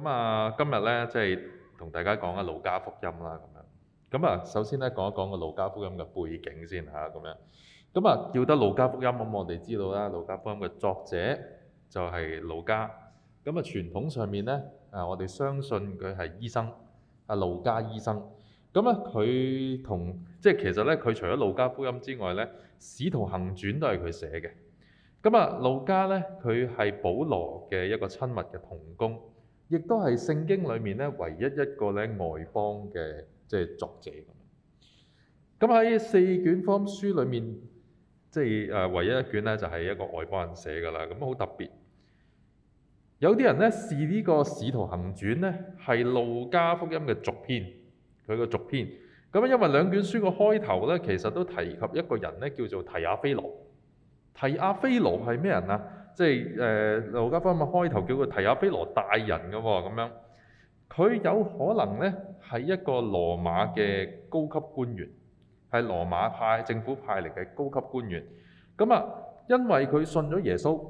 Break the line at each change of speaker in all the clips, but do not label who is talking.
咁啊，今日咧即係同大家講下《路加福音》啦，咁樣咁啊，首先咧講一講個《路加福音》嘅背景先吓，咁樣咁啊，叫得《路加福音》咁，我哋知道啦，《路加福音》嘅作者就係路加。咁啊，傳統上面咧啊，我哋相信佢係醫生啊，路加醫生。咁啊，佢同即係其實咧，佢除咗《路加福音》之外咧，《使徒行傳》都係佢寫嘅。咁啊，路加咧，佢係保羅嘅一個親密嘅同工。亦都係聖經裏面咧唯一一個咧外邦嘅即係作者咁。咁喺四卷福音書裏面，即係誒唯一一卷咧就係一個外邦人寫噶啦。咁好特別。有啲人咧試呢個《使徒行傳》咧係路加福音嘅續篇，佢個續篇。咁因為兩卷書嘅開頭咧，其實都提及一個人咧叫做提阿非羅。提阿非羅係咩人啊？即係誒，路加福音咪開頭叫佢提阿非羅大人嘅喎、哦，咁樣佢有可能咧係一個羅馬嘅高級官員，係羅馬派政府派嚟嘅高級官員。咁啊，因為佢信咗耶穌，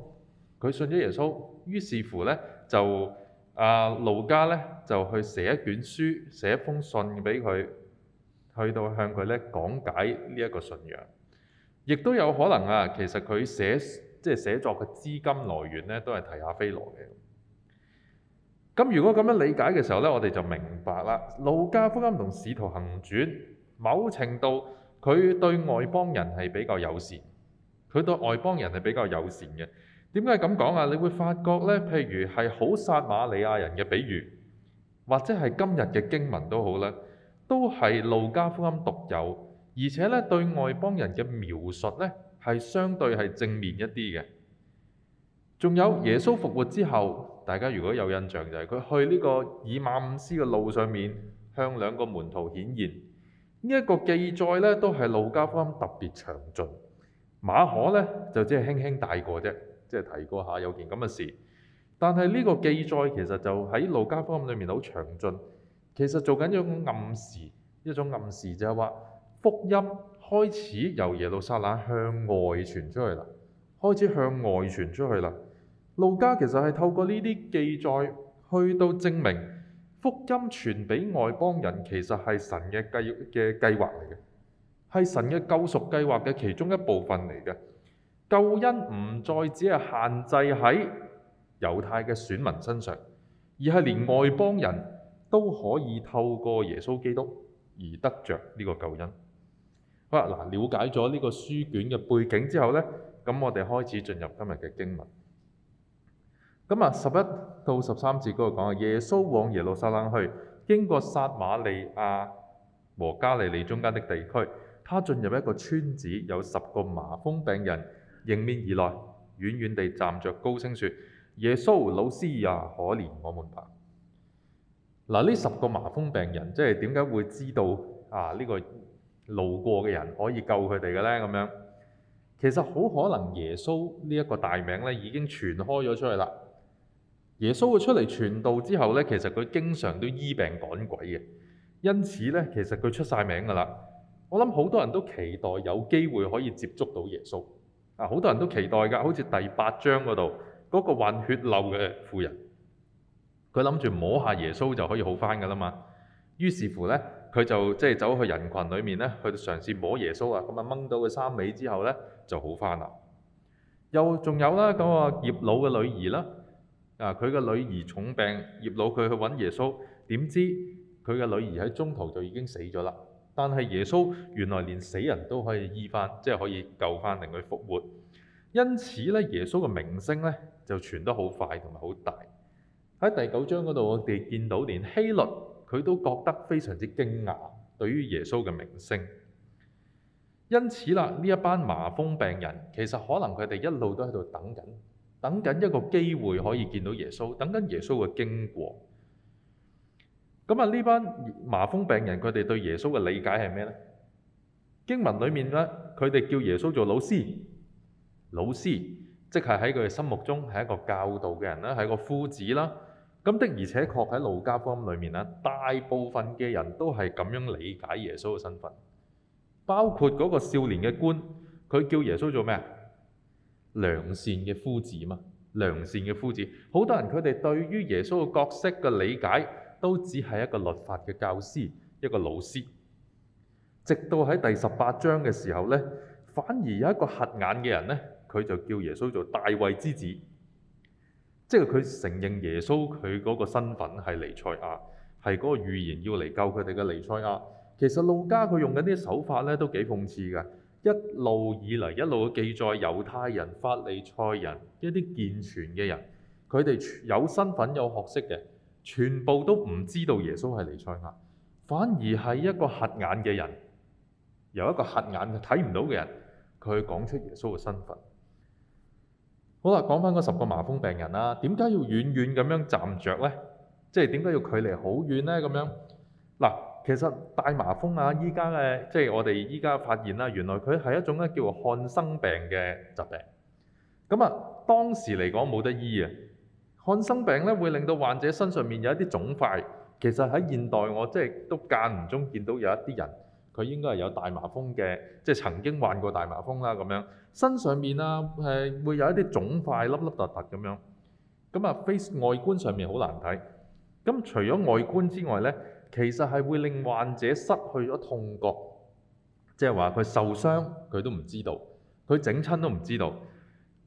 佢信咗耶穌，於是乎咧就啊，路加咧就去寫一卷書，寫一封信俾佢，去到向佢咧講解呢一個信仰。亦都有可能啊，其實佢寫。即係寫作嘅資金來源呢，都係提亞非羅嘅。咁如果咁樣理解嘅時候呢，我哋就明白啦。路加福音同使徒行傳某程度佢對外邦人係比較友善，佢對外邦人係比較友善嘅。點解咁講啊？你會發覺呢，譬如係好撒瑪利亞人嘅比喻，或者係今日嘅經文都好啦，都係路加福音獨有，而且呢，對外邦人嘅描述呢。係相對係正面一啲嘅，仲有耶穌復活之後，大家如果有印象就係、是、佢去呢個以馬忤斯嘅路上面，向兩個門徒顯現。呢、這、一個記載呢都係路加福音特別詳盡，馬可呢就只係輕輕帶過啫，即係提過下有件咁嘅事。但係呢個記載其實就喺路加福音裏面好詳盡，其實做緊一種暗示，一種暗示就係話福音。開始由耶路撒冷向外傳出去啦，開始向外傳出去啦。路加其實係透過呢啲記載去到證明福音傳俾外邦人其實係神嘅計嘅計劃嚟嘅，係神嘅救贖計劃嘅其中一部分嚟嘅。救恩唔再只係限制喺猶太嘅選民身上，而係連外邦人都可以透過耶穌基督而得着呢個救恩。好啦，嗱，了解咗呢個書卷嘅背景之後呢，咁我哋開始進入今日嘅經文。咁、嗯、啊，十一到十三節嗰度講耶穌往耶路撒冷去，經過撒瑪利亞和加利利中間的地區，他進入一個村子，有十個麻風病人迎面而來，遠遠地站着高聲説：耶穌老師啊，可憐我們吧！嗱、嗯，呢十個麻風病人即係點解會知道啊？呢、呢個路過嘅人可以救佢哋嘅咧，咁樣其實好可能耶穌呢一個大名咧已經傳開咗出去啦。耶穌佢出嚟傳道之後咧，其實佢經常都醫病趕鬼嘅，因此咧其實佢出晒名噶啦。我諗好多人都期待有機會可以接觸到耶穌啊，好多人都期待噶，好似第八章嗰度嗰個患血漏嘅婦人，佢諗住摸下耶穌就可以好翻噶啦嘛。於是乎咧。佢就即係走去人群裏面咧，去嘗試摸耶穌啊！咁啊，掹到佢衫尾之後咧，就好翻啦。又仲有啦，咁啊，睚魯嘅女兒啦，啊，佢嘅女兒重病，睚魯佢去揾耶穌，點知佢嘅女兒喺中途就已經死咗啦。但係耶穌原來連死人都可以醫翻，即係可以救翻，令佢復活。因此咧，耶穌嘅名聲咧就傳得好快同埋好大。喺第九章嗰度，我哋見到連希律。佢都覺得非常之驚訝，對於耶穌嘅名聲。因此啦，呢一班麻風病人其實可能佢哋一路都喺度等緊，等緊一個機會可以見到耶穌，等緊耶穌嘅經過。咁啊，呢班麻風病人佢哋對耶穌嘅理解係咩呢？經文裡面呢，佢哋叫耶穌做老師，老師即係喺佢哋心目中係一個教導嘅人啦，係個夫子啦。咁的，而且確喺路加福音裏面啦，大部分嘅人都係咁樣理解耶穌嘅身份，包括嗰個少年嘅官，佢叫耶穌做咩啊？良善嘅夫子嘛，良善嘅夫子。好多人佢哋對於耶穌嘅角色嘅理解，都只係一個律法嘅教師，一個老師。直到喺第十八章嘅時候咧，反而有一個瞎眼嘅人咧，佢就叫耶穌做大衛之子。即係佢承認耶穌佢嗰個身份係彌賽亞，係嗰個預言要嚟救佢哋嘅彌賽亞。其實路加佢用緊啲手法咧都幾諷刺㗎，一路以嚟一路嘅記載猶太人、法利賽人一啲健全嘅人，佢哋有身份有學識嘅，全部都唔知道耶穌係彌賽亞，反而係一個瞎眼嘅人，由一個瞎眼睇唔到嘅人，佢講出耶穌嘅身份。好啦，講翻嗰十個麻風病人啦，點解要遠遠咁樣站着咧？即係點解要距離好遠咧？咁樣嗱，其實大麻風啊，依家嘅即係我哋依家發現啦，原來佢係一種咧叫做漢生病嘅疾病。咁啊，當時嚟講冇得醫啊，漢生病咧會令到患者身上面有一啲腫塊。其實喺現代我即係都間唔中見到有一啲人。佢應該係有大麻風嘅，即係曾經患過大麻風啦咁樣，身上面啊誒會有一啲腫塊粒粒突突咁樣，咁啊 face 外觀上面好難睇。咁除咗外觀之外咧，其實係會令患者失去咗痛覺，即係話佢受傷佢都唔知道，佢整親都唔知道。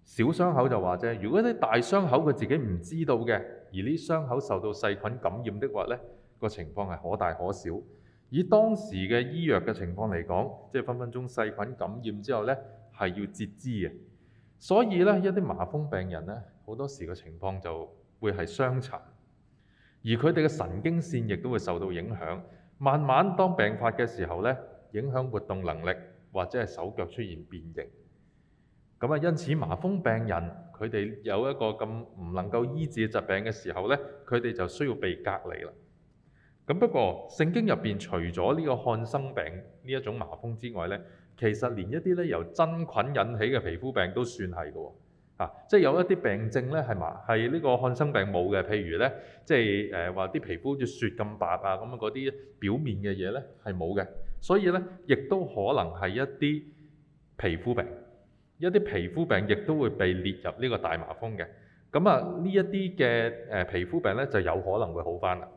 小傷口就話啫，如果啲大傷口佢自己唔知道嘅，而呢傷口受到細菌感染的話咧，個情況係可大可小。以當時嘅醫藥嘅情況嚟講，即係分分鐘細菌感染之後呢，係要截肢嘅。所以呢，一啲麻風病人呢，好多時嘅情況就會係傷殘，而佢哋嘅神經線亦都會受到影響。慢慢當病發嘅時候呢，影響活動能力，或者係手腳出現變形。咁啊，因此麻風病人，佢哋有一個咁唔能夠醫治嘅疾病嘅時候呢，佢哋就需要被隔離啦。不過聖經入面除咗呢個漢生病呢一種麻風之外咧，其實連一啲咧，由真菌引起嘅皮膚病都算係嘅喎。啊，即係有一啲病症咧，係麻係呢個漢生病冇嘅，譬如咧，即係誒話啲皮膚好似雪咁白啊咁樣嗰啲表面嘅嘢咧，係冇嘅，所以咧，亦都可能係一啲皮膚病，一啲皮膚病亦都會被列入呢個大麻風嘅。咁啊呢一啲嘅誒皮膚病咧就有可能會好返啦。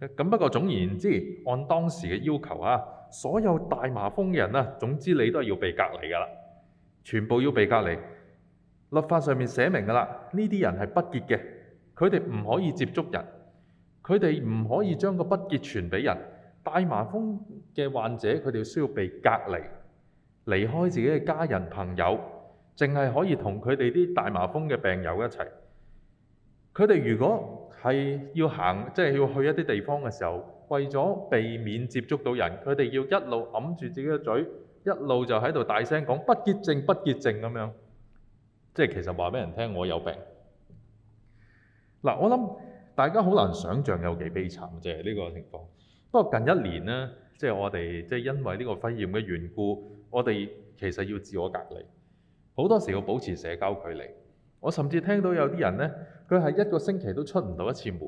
咁不過總而言之，按當時嘅要求啊，所有大麻風嘅人啊，總之你都係要被隔離㗎喇，全部要被隔離。律法上面寫明㗎喇，呢啲人係不潔嘅，佢哋唔可以接觸人，佢哋唔可以將個不潔傳俾人。大麻風嘅患者佢哋需要被隔離，離開自己嘅家人朋友，淨係可以同佢哋啲大麻風嘅病友一齊。佢哋如果係要行，即係要去一啲地方嘅時候，為咗避免接觸到人，佢哋要一路揞住自己嘅嘴，一路就喺度大聲講「不潔淨，不潔淨」咁樣。即係其實話俾人聽，我有病。嗱，我諗大家好難想像有幾悲慘就係呢個情況。不過近一年呢，即係我哋即係因為呢個肺炎嘅緣故，我哋其實要自我隔離，好多時要保持社交距離。我甚至聽到有啲人咧，佢係一個星期都出唔到一次門，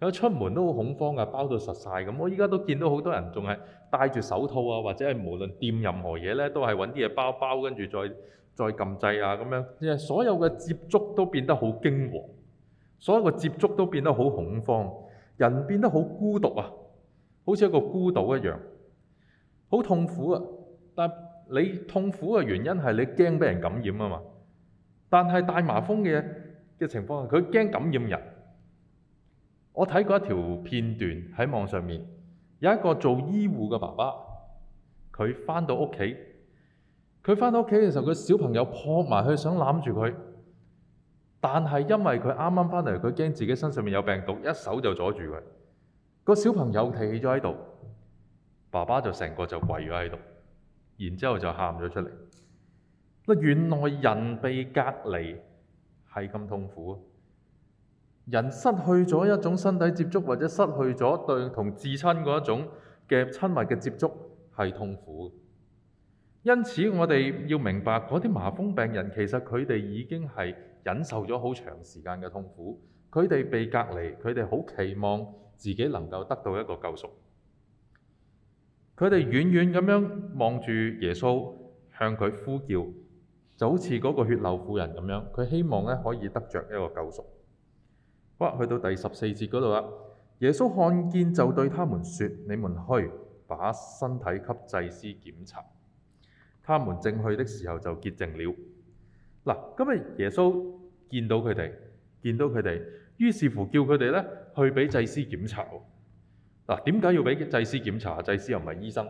佢出門都好恐慌啊，包到實晒咁。我而家都見到好多人仲係戴住手套啊，或者係無論掂任何嘢咧，都係揾啲嘢包包，跟住再再撳掣啊咁樣。即係所有嘅接觸都變得好驚惶，所有嘅接觸都變得好恐慌，人變得好孤獨啊，好似一個孤島一樣，好痛苦啊！但你痛苦嘅原因係你驚俾人感染啊嘛。但係大麻風嘅嘅情況下，佢驚感染人。我睇過一條片段喺網上面，有一個做醫護嘅爸爸，佢翻到屋企，佢翻到屋企嘅時候，佢小朋友撲埋去想攬住佢，但係因為佢啱啱翻嚟，佢驚自己身上面有病毒，一手就阻住佢。個小朋友企咗喺度，爸爸就成個就跪咗喺度，然之後就喊咗出嚟。原來人被隔離係咁痛苦，人失去咗一種身體接觸，或者失去咗對同至親嗰一種嘅親密嘅接觸係痛苦。因此，我哋要明白嗰啲麻風病人其實佢哋已經係忍受咗好長時間嘅痛苦，佢哋被隔離，佢哋好期望自己能夠得到一個救贖，佢哋遠遠咁樣望住耶穌，向佢呼叫。就好似嗰個血流婦人咁樣，佢希望呢可以得着一個救贖。好啊，去到第十四節嗰度啦。耶穌看見就對他們說： 你們去把身體給祭司檢查。他們正去的時候就潔淨了。嗱，咁啊，耶穌見到佢哋，見到佢哋，於是乎叫佢哋呢去俾祭司檢查。嗱，點解要俾祭司檢查？祭司又唔係醫生。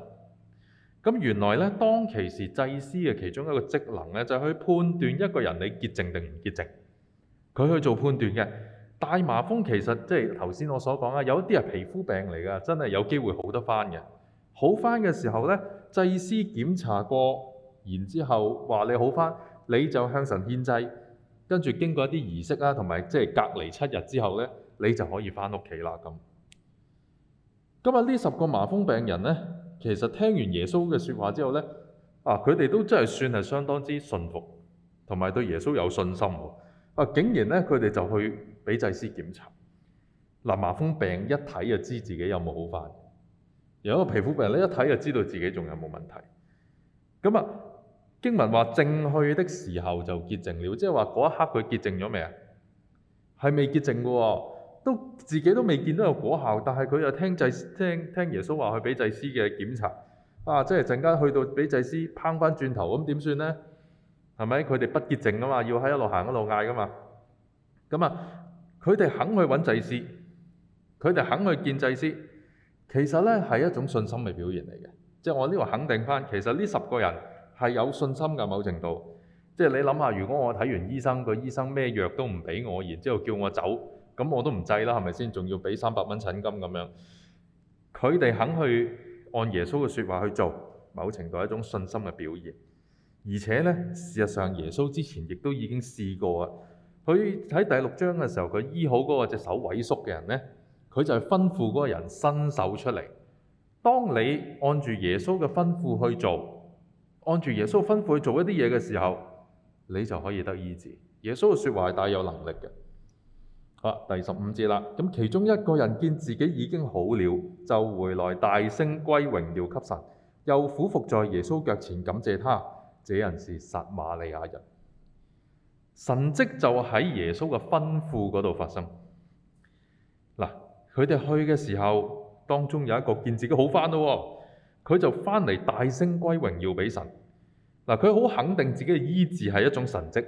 咁原來咧，當其時祭司嘅其中一個職能咧，就係去判斷一個人你潔淨定唔潔淨，佢去做判斷嘅。大麻風其實即係頭先我所講啊，有一啲係皮膚病嚟噶，真係有機會好得翻嘅。好翻嘅時候咧，祭司檢查過，然之後話你好翻，你就向神獻祭，跟住經過一啲儀式啦，同埋即係隔離七日之後咧，你就可以翻屋企啦。咁今日呢，十個麻風病人咧？其實聽完耶穌嘅説話之後咧，啊，佢哋都真係算係相當之信服，同埋對耶穌有信心喎。啊，竟然咧佢哋就去俾祭司檢查。嗱、啊，麻風病一睇就知自己有冇好翻，有一個皮膚病咧，一睇就知道自己仲有冇問題。咁啊，經文話正去的時候就潔淨了，即係話嗰一刻佢潔淨咗未啊？係未潔淨喎、哦。都自己都未見到有果效，但係佢又聽祭司聽聽耶穌話去俾祭司嘅檢查，啊！即係陣間去到俾祭司拚翻轉頭，咁點算咧？係咪？佢哋不潔淨啊嘛，要喺一路行一路嗌噶嘛。咁啊，佢哋肯去揾祭司，佢哋肯去見祭司，其實咧係一種信心嘅表現嚟嘅。即係我呢度肯定翻，其實呢十個人係有信心嘅某程度。即係你諗下，如果我睇完醫生，個醫生咩藥都唔俾我，然之後叫我走。咁我都唔制啦，係咪先？仲要畀三百蚊診金咁樣，佢哋肯去按耶穌嘅説話去做，某程度係一種信心嘅表現。而且呢，事實上耶穌之前亦都已經試過啊。佢喺第六章嘅時候，佢醫好嗰個隻手萎縮嘅人呢，佢就吩咐嗰個人伸手出嚟。當你按住耶穌嘅吩咐去做，按住耶穌嘅吩咐去做一啲嘢嘅時候，你就可以得醫治。耶穌嘅説話係帶有能力嘅。好，第十五節啦。咁其中一個人見自己已經好了，就回來大聲歸榮耀給神，又俯伏在耶穌腳前感謝他。這人是撒瑪利亞人。神跡就喺耶穌嘅吩咐嗰度發生。嗱，佢哋去嘅時候，當中有一個見自己好翻咯喎，佢就翻嚟大聲歸榮耀俾神。嗱，佢好肯定自己嘅醫治係一種神跡，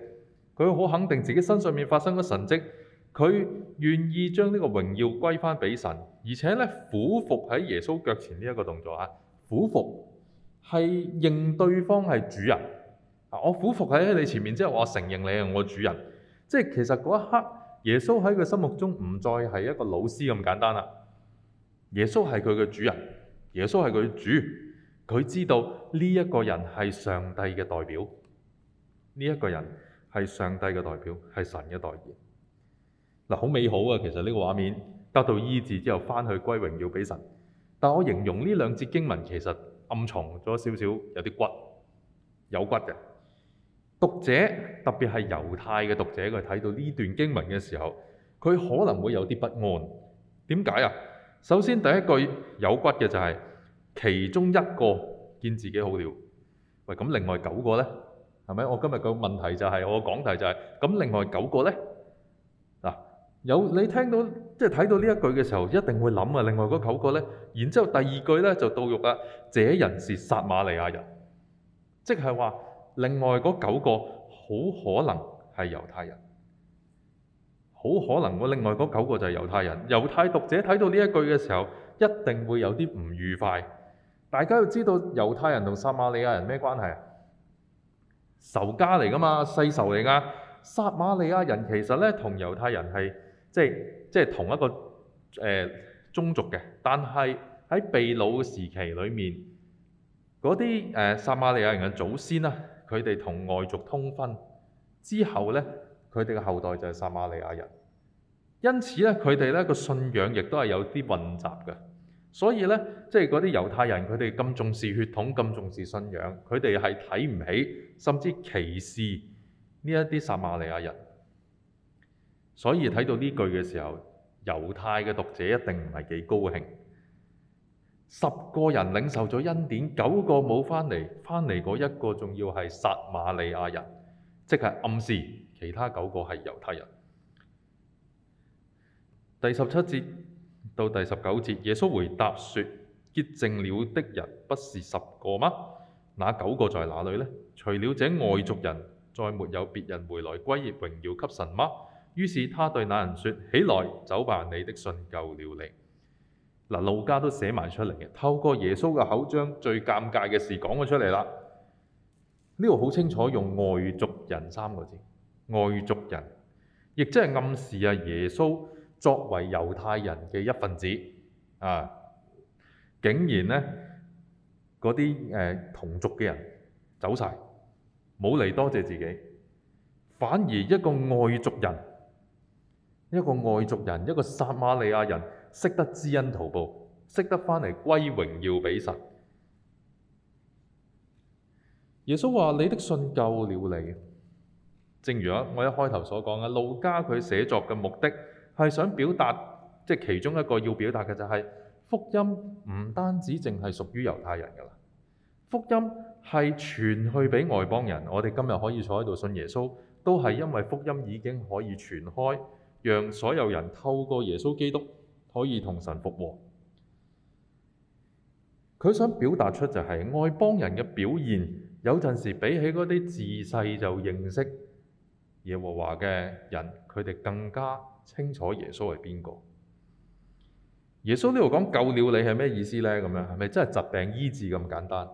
佢好肯定自己身上面發生嘅神跡。佢願意將呢個榮耀歸翻俾神，而且咧俯伏喺耶穌腳前呢一個動作啊，俯伏係認對方係主人啊。我俯伏喺你前面之後，我承認你係我主人。即係其實嗰一刻，耶穌喺佢心目中唔再係一個老師咁簡單啦。耶穌係佢嘅主人，耶穌係佢嘅主。佢知道呢一個人係上帝嘅代表，呢一個人係上帝嘅代表，係神嘅代言。嗱，好美好啊，其實呢個畫面得到醫治之後，翻去歸榮耀俾神。但我形容呢兩節經文其實暗藏咗少少有啲骨有骨嘅讀者，特別係猶太嘅讀者，佢睇到呢段經文嘅時候，佢可能會有啲不安。點解啊？首先第一句有骨嘅就係其中一個見自己好了。喂，咁另外九個咧，係咪？我今日個問題就係我嘅講題就係，咁另外九個咧？有你聽到即係睇到呢一句嘅時候，一定會諗啊，另外嗰九個咧？然之後第二句咧就到肉啦，這人是撒瑪利亞人，即係話另外嗰九個好可能係猶太人，好可能我另外嗰九個就係猶太人。猶太讀者睇到呢一句嘅時候，一定會有啲唔愉快。大家要知道猶太人同撒瑪利亞人咩關係啊？仇家嚟噶嘛，世仇嚟噶！撒瑪利亞人其實咧同猶太人係。即係即係同一個誒宗、呃、族嘅，但係喺被擄時期裏面，嗰啲誒撒瑪利亞人嘅祖先啦，佢哋同外族通婚之後咧，佢哋嘅後代就係撒瑪利亞人。因此咧，佢哋咧個信仰亦都係有啲混雜嘅。所以咧，即係嗰啲猶太人佢哋咁重視血統、咁重視信仰，佢哋係睇唔起甚至歧視呢一啲撒瑪利亞人。所以睇到呢句嘅時候，猶太嘅讀者一定唔係幾高興。十個人領受咗恩典，九個冇翻嚟，翻嚟嗰一個仲要係撒瑪利亞人，即係暗示其他九個係猶太人。第十七節到第十九節，耶穌回答說：潔淨了的人不是十個嗎？那九個在哪裡呢？除了這外族人，再沒有別人回來歸業榮耀給神嗎？於是他對那人說：起來走吧，你的信救了你。嗱，路加都寫埋出嚟嘅，透過耶穌嘅口將最尷尬嘅事講咗出嚟啦。呢度好清楚用外族人三個字，外族人亦即係暗示啊！耶穌作為猶太人嘅一份子啊，竟然呢，嗰啲誒同族嘅人走晒，冇嚟多謝自己，反而一個外族人。一個外族人，一個撒瑪利亞人，識得知恩圖報，識得翻嚟歸榮耀俾神。耶穌話：你的信救了你。正如我一開頭所講嘅，路加佢寫作嘅目的係想表達，即係其中一個要表達嘅就係福音唔單止淨係屬於猶太人噶啦，福音係傳去俾外邦人。我哋今日可以坐喺度信耶穌，都係因為福音已經可以傳開。讓所有人透過耶穌基督可以同神復和。佢想表達出就係愛幫人嘅表現，有陣時比起嗰啲自細就認識耶和華嘅人，佢哋更加清楚耶穌係邊個。耶穌呢度講救了你係咩意思呢？咁樣係咪真係疾病醫治咁簡單？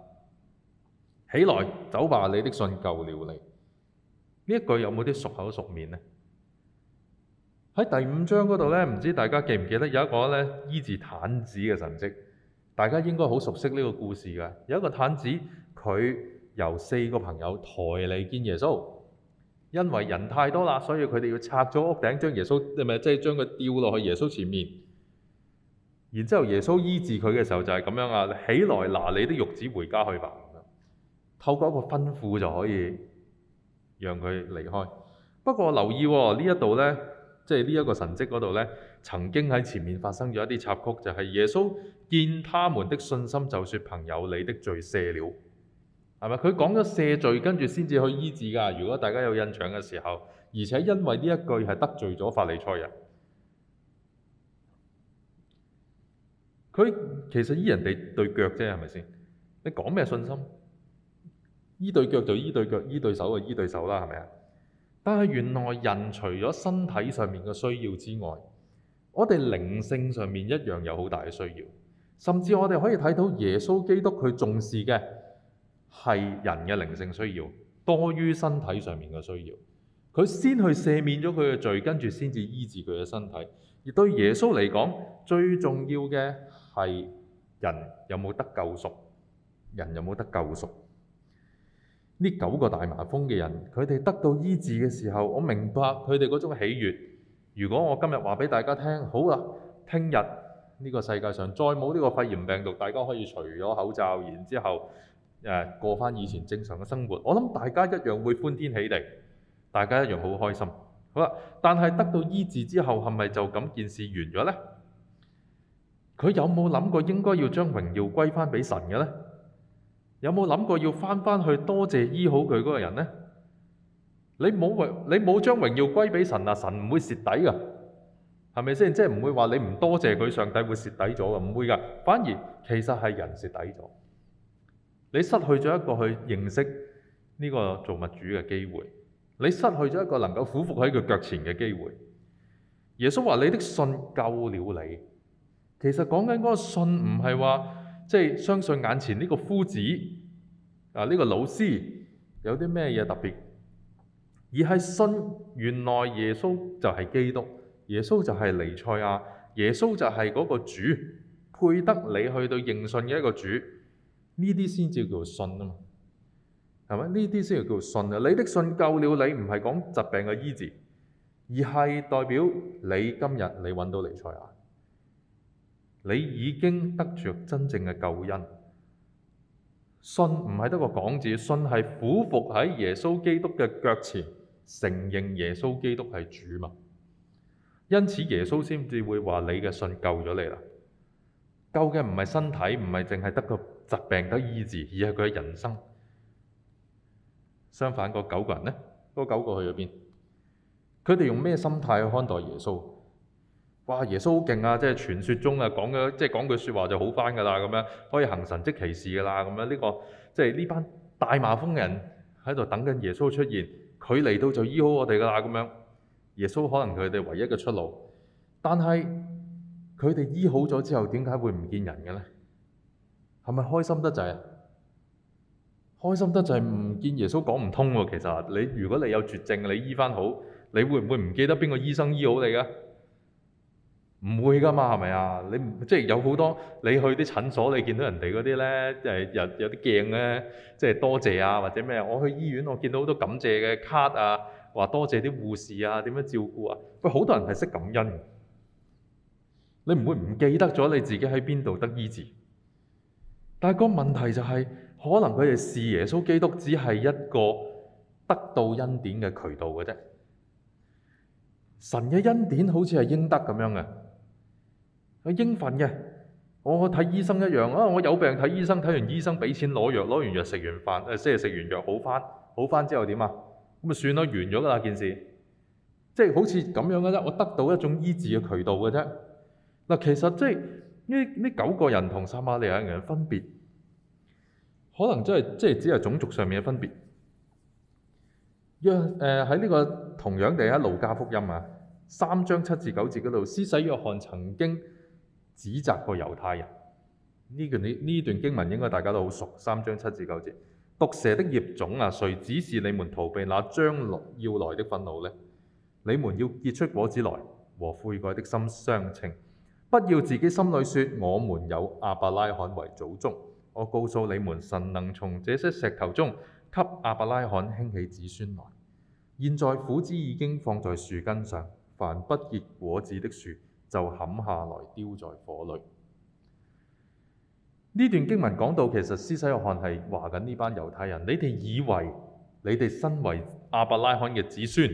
起來走吧，你的信救了你。呢一句有冇啲熟口熟面呢？喺第五章嗰度咧，唔知大家記唔記得有一個咧醫治癱子嘅神跡，大家應該好熟悉呢個故事㗎。有一個癱子，佢由四個朋友抬嚟見耶穌，因為人太多啦，所以佢哋要拆咗屋頂，將耶穌即係將佢吊落去耶穌前面。然之後耶穌醫治佢嘅時候就係咁樣啊，起來拿你的褥子回家去吧，透過一個吩咐就可以讓佢離開。不過留意喎、哦，呢一度咧。即係呢一個神蹟嗰度呢，曾經喺前面發生咗一啲插曲，就係耶穌見他們的信心，就説：朋友，你的罪赦了，係咪？佢講咗赦罪，跟住先至去醫治㗎。如果大家有印象嘅時候，而且因為呢一句係得罪咗法利賽人，佢其實醫人哋對腳啫，係咪先？你講咩信心？醫對腳就醫對腳，醫對手就醫對手啦，係咪啊？但係原來人除咗身體上面嘅需要之外，我哋靈性上面一樣有好大嘅需要。甚至我哋可以睇到耶穌基督，佢重視嘅係人嘅靈性需要，多於身體上面嘅需要。佢先去赦免咗佢嘅罪，跟住先至醫治佢嘅身體。而對耶穌嚟講，最重要嘅係人有冇得救贖，人有冇得救贖。呢九個大麻風嘅人，佢哋得到醫治嘅時候，我明白佢哋嗰種喜悅。如果我今日話俾大家聽，好啦，聽日呢個世界上再冇呢個肺炎病毒，大家可以除咗口罩，然之後誒、呃、過翻以前正常嘅生活，我諗大家一樣會歡天喜地，大家一樣好開心。好啦，但係得到醫治之後係咪就咁件事完咗咧？佢有冇諗過應該要將榮耀歸翻俾神嘅咧？有冇諗過要翻翻去多謝醫好佢嗰個人呢？你冇榮，你冇將榮耀歸俾神啊！神唔會蝕底噶，係咪先？即係唔會話你唔多謝佢，上帝會蝕底咗噶，唔會噶。反而其實係人蝕底咗，你失去咗一個去認識呢個造物主嘅機會，你失去咗一個能夠俯伏喺佢腳前嘅機會。耶穌話你的信救了你，其實講緊嗰個信唔係話。即係相信眼前呢個夫子啊，呢個老師有啲咩嘢特別？而係信，原來耶穌就係基督，耶穌就係彌賽亞，耶穌就係嗰個主，配得你去到認信嘅一個主。呢啲先至叫做信啊嘛，係咪？呢啲先叫叫做信啊！你的信救了你，唔係講疾病嘅醫治，而係代表你今日你揾到彌賽亞。你已經得着真正嘅救恩。信唔係得個講字，信係俯伏喺耶穌基督嘅腳前，承認耶穌基督係主物。因此耶穌先至會話你嘅信救咗你啦。救嘅唔係身體，唔係淨係得個疾病得醫治，而係佢嘅人生。相反，嗰九個人呢，嗰九個去咗邊？佢哋用咩心態去看待耶穌？哇！耶穌好勁啊，即係傳説中啊，講嘅即係講句説話就好翻㗎啦，咁樣可以行神蹟奇事㗎啦，咁樣呢個即係呢班大麻風嘅人喺度等緊耶穌出現，佢嚟到就醫好我哋㗎啦，咁樣耶穌可能佢哋唯一嘅出路。但係佢哋醫好咗之後，點解會唔見人嘅咧？係咪開心得滯？開心得滯唔見耶穌講唔通喎。其實你如果你有絕症，你醫翻好，你會唔會唔記得邊個醫生醫好你㗎？唔會㗎嘛，係咪啊？你唔即係有好多，你去啲診所，你見到人哋嗰啲咧誒，有有啲鏡咧，即係多謝啊，或者咩，我去醫院，我見到好多感謝嘅卡啊，話多謝啲護士啊，點樣照顧啊？喂，好多人係識感恩，你唔會唔記得咗你自己喺邊度得醫治。但係個問題就係、是，可能佢哋視耶穌基督只係一個得到恩典嘅渠道嘅啫。神嘅恩典好似係應得咁樣嘅。係應份嘅。我睇醫生一樣啊！我有病睇醫生，睇完醫生畀錢攞藥，攞完藥食完飯誒，即係食完藥好翻，好翻之後點啊？咁咪算啦，完咗啦件事，即係好似咁樣嘅啫。我得到一種醫治嘅渠道嘅啫。嗱，其實即係呢呢九個人同撒瑪利亞人嘅分別，可能真係即係只係種族上面嘅分別。約誒喺呢個同樣地喺路加福音啊，三章七至九節嗰度，施洗約翰曾經指責個猶太人呢段呢段經文應該大家都好熟，三章七至九節。毒蛇的葉種啊，誰指示你們逃避那將要來的憤怒呢？你們要結出果子來，和悔改的心相稱。不要自己心裏說：我們有阿伯拉罕為祖宗。我告訴你們，神能從這些石頭中給阿伯拉罕興起子孫來。現在苦子已經放在樹根上，凡不結果子的樹，就冚下來丟在火裏。呢段經文講到，其實施洗約翰係話緊呢班猶太人，你哋以為你哋身為亞伯拉罕嘅子孫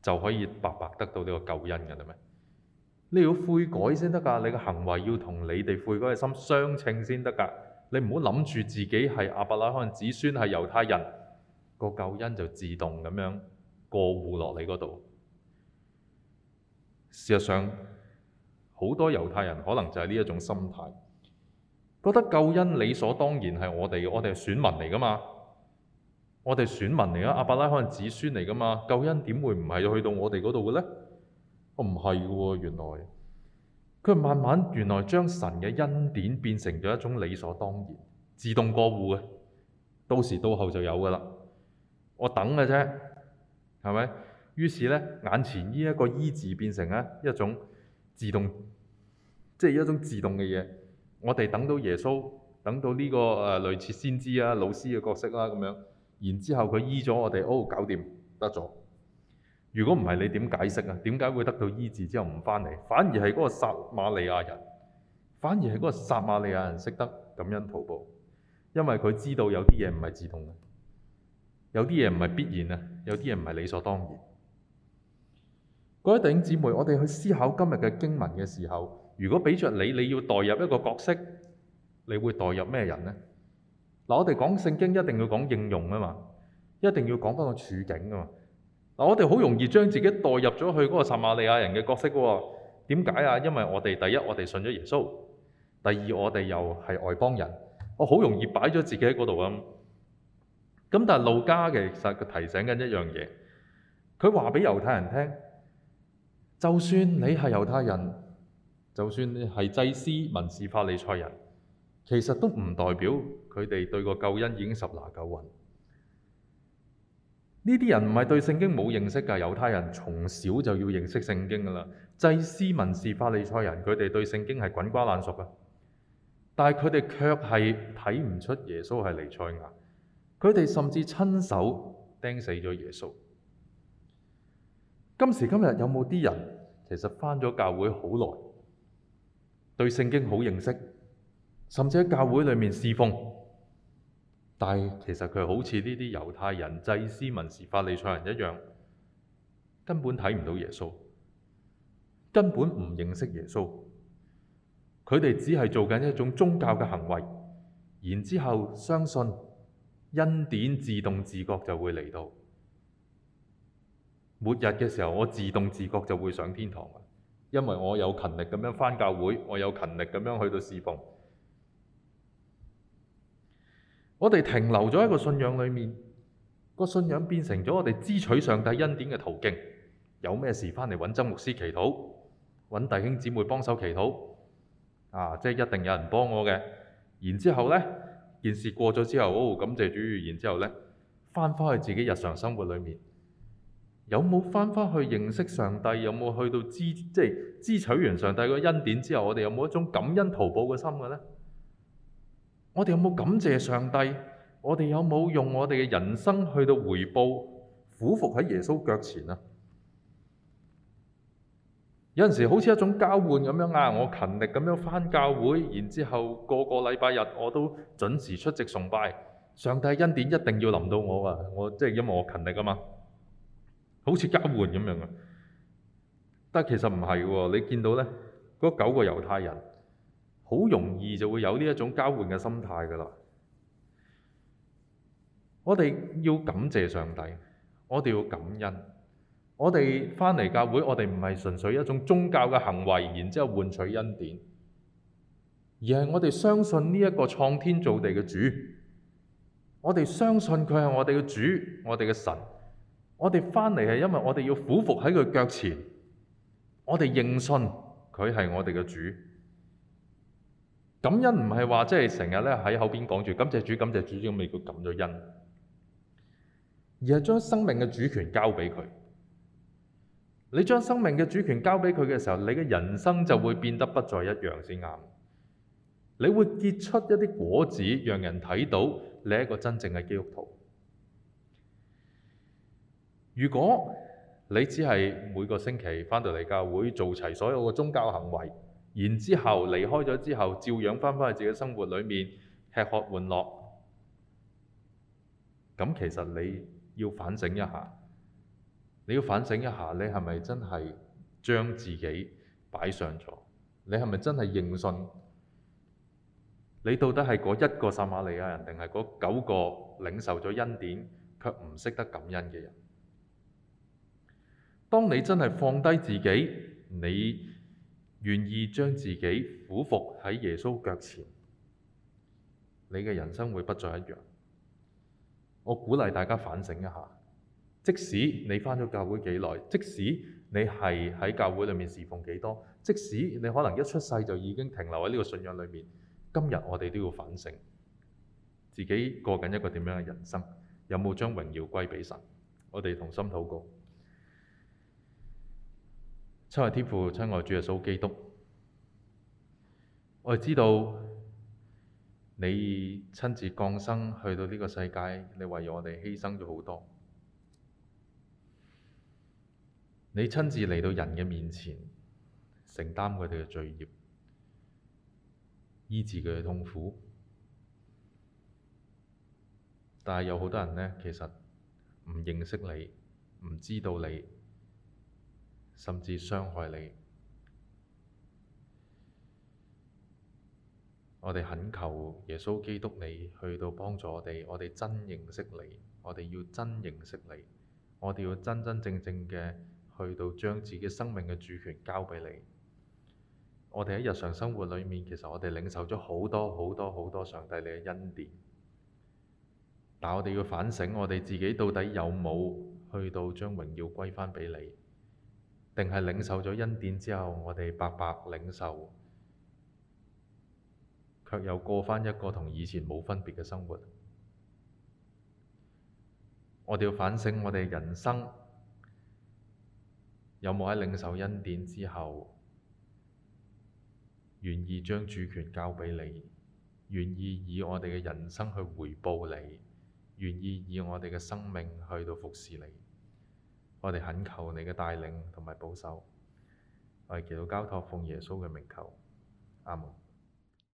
就可以白白得到呢個救恩嘅咧？咩？你要悔改先得噶，你嘅行為要同你哋悔改嘅心相稱先得噶。你唔好諗住自己係亞伯拉罕子孫係猶太人，個救恩就自動咁樣過戶落你嗰度。事實上，好多猶太人可能就係呢一種心態，覺得救恩理所當然係我哋，我哋係選民嚟噶嘛，我哋選民嚟噶，阿伯拉罕子孫嚟噶嘛，救恩點會唔係去到我哋嗰度嘅呢？我唔係嘅喎，原來佢慢慢原來將神嘅恩典變成咗一種理所當然，自動過戶嘅，到時到後就有噶啦，我等嘅啫，係咪？於是咧，眼前呢一個醫治變成咧一種自動，即係一種自動嘅嘢。我哋等到耶穌，等到呢、這個誒、呃、類似先知啊老師嘅角色啦、啊、咁樣，然之後佢醫咗我哋，哦，搞掂得咗。如果唔係你點解釋啊？點解會得到醫治之後唔翻嚟？反而係嗰個撒瑪利亞人，反而係嗰個撒瑪利亞人識得感恩禱告，因為佢知道有啲嘢唔係自動嘅，有啲嘢唔係必然啊，有啲嘢唔係理所當然。各位弟兄姊妹，我哋去思考今日嘅經文嘅時候，如果俾着你，你要代入一個角色，你會代入咩人呢？嗱，我哋講聖經一定要講應用啊嘛，一定要講翻個處境啊嘛。嗱，我哋好容易將自己代入咗去嗰個撒瑪利亞人嘅角色喎。點解啊？因為我哋第一，我哋信咗耶穌；第二，我哋又係外邦人。我好容易擺咗自己喺嗰度咁。咁但係路加嘅其實佢提醒緊一樣嘢，佢話俾猶太人聽。就算你係猶太人，就算你係祭司、文士法利賽人，其實都唔代表佢哋對個救恩已經十拿九穩。呢啲人唔係對聖經冇認識㗎，猶太人從小就要認識聖經㗎啦。祭司、文士法利賽人，佢哋對聖經係滾瓜爛熟㗎，但係佢哋卻係睇唔出耶穌係彌賽亞，佢哋甚至親手釘死咗耶穌。今時今日有冇啲人其實返咗教會好耐，對聖經好認識，甚至喺教會裏面侍奉，但係其實佢好似呢啲猶太人祭司、文士、法利賽人一樣，根本睇唔到耶穌，根本唔認識耶穌，佢哋只係做緊一種宗教嘅行為，然之後相信恩典自動自覺就會嚟到。末日嘅時候，我自動自覺就會上天堂，因為我有勤力咁樣翻教會，我有勤力咁樣去到侍奉。我哋停留咗喺個信仰裏面，個信仰變成咗我哋支取上帝恩典嘅途徑。有咩事翻嚟揾曾牧師祈禱，揾弟兄姊妹幫手祈禱，啊，即係一定有人幫我嘅。然之後呢件事過咗之後，哦，感謝主。然之後呢翻返去自己日常生活裏面。有冇翻翻去認識上帝？有冇去到知即係知取完上帝個恩典之後，我哋有冇一種感恩圖報嘅心嘅呢？我哋有冇感謝上帝？我哋有冇用我哋嘅人生去到回報，俯伏喺耶穌腳前啊？有陣時好似一種交換咁樣啊！我勤力咁樣翻教會，然之後個個禮拜日我都準時出席崇拜。上帝恩典一定要臨到我啊！我即係因為我勤力啊嘛。好似交換咁樣嘅，但其實唔係嘅喎。你見到呢嗰九個猶太人好容易就會有呢一種交換嘅心態㗎喇。我哋要感謝上帝，我哋要感恩，我哋返嚟教會，我哋唔係純粹一種宗教嘅行為，然之後換取恩典，而係我哋相信呢一個創天造地嘅主，我哋相信佢係我哋嘅主，我哋嘅神。我哋翻嚟係因為我哋要俯伏喺佢腳前，我哋認信佢係我哋嘅主。感恩唔係話即係成日咧喺口邊講住感謝主感謝主咁樣嚟表佢感咗恩，而係將生命嘅主權交俾佢。你將生命嘅主權交俾佢嘅時候，你嘅人生就會變得不再一樣先啱。你會結出一啲果子，讓人睇到你一個真正嘅基督徒。如果你只係每個星期返到嚟教會做齊所有嘅宗教行為，然之後離開咗之後，照樣返返去自己生活裡面吃喝玩樂，咁其實你要反省一下，你要反省一下你，你係咪真係將自己擺上咗？你係咪真係認信？你到底係嗰一個撒瑪利亞人，定係嗰九個領受咗恩典卻唔識得感恩嘅人？當你真係放低自己，你願意將自己俯伏喺耶穌腳前，你嘅人生會不再一樣。我鼓勵大家反省一下，即使你翻咗教會幾耐，即使你係喺教會裏面侍奉幾多，即使你可能一出世就已經停留喺呢個信仰裏面，今日我哋都要反省自己過緊一個點樣嘅人生，有冇將榮耀歸俾神？我哋同心禱告。親愛天父，親愛主耶穌基督，我哋知道你親自降生去到呢個世界，你為咗我哋犧牲咗好多。你親自嚟到人嘅面前，承擔佢哋嘅罪孽，醫治佢嘅痛苦。但係有好多人呢，其實唔認識你，唔知道你。甚至傷害你，我哋懇求耶穌基督你去到幫助我哋，我哋真認識你，我哋要真認識你，我哋要真真正正嘅去到將自己生命嘅主權交俾你。我哋喺日常生活裏面，其實我哋領受咗好多好多好多上帝你嘅恩典，但我哋要反省我哋自己到底有冇去到將榮耀歸翻俾你。定係領受咗恩典之後，我哋白白領受，卻又過返一個同以前冇分別嘅生活。我哋要反省我哋人生，有冇喺領受恩典之後，願意將主權交俾你，願意以我哋嘅人生去回報你，願意以我哋嘅生命去到服侍你。我哋懇求你嘅帶領同埋保守，我哋祈求交託奉耶穌嘅名求，阿門。